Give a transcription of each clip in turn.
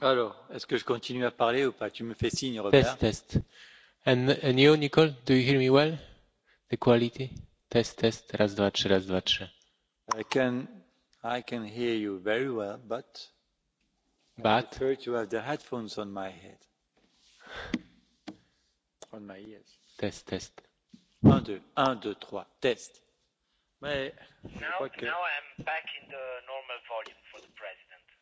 test test and and you nicole do you hear me well the quality test test raz dwa trzy raz dwa trzy i can i can hear you very well but but I prefer to have the headphones on my head on my ears test test un deux un deux trois test mais now, je crois que... now I'm back in the normal volume.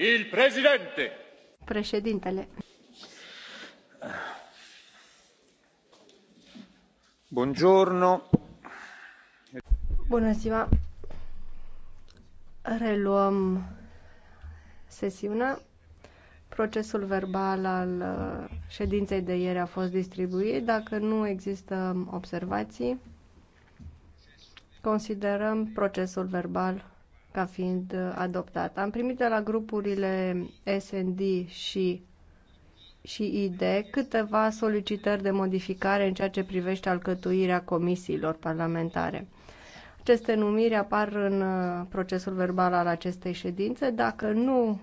Il presidente. Președintele. Buongiorno. Bună ziua. Reluăm sesiunea. Procesul verbal al uh, ședinței de ieri a fost distribuit. Dacă nu există observații, considerăm procesul verbal ca fiind uh, adoptat. Am primit de la grupurile SND și și ID câteva solicitări de modificare în ceea ce privește alcătuirea comisiilor parlamentare. Aceste numiri apar în uh, procesul verbal al acestei ședințe. Dacă nu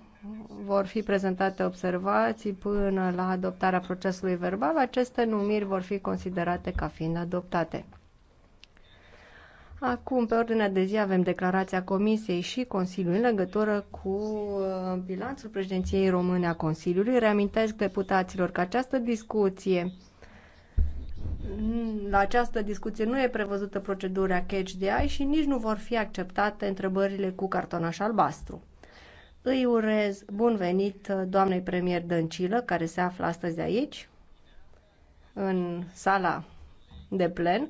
vor fi prezentate observații până la adoptarea procesului verbal, aceste numiri vor fi considerate ca fiind adoptate. Acum, pe ordinea de zi, avem declarația Comisiei și Consiliului în legătură cu uh, bilanțul președinției române a Consiliului. Reamintesc deputaților că această discuție la această discuție nu e prevăzută procedura catch de ai și nici nu vor fi acceptate întrebările cu cartonaș albastru. Îi urez bun venit uh, doamnei premier Dăncilă, care se află astăzi aici, în sala de plen,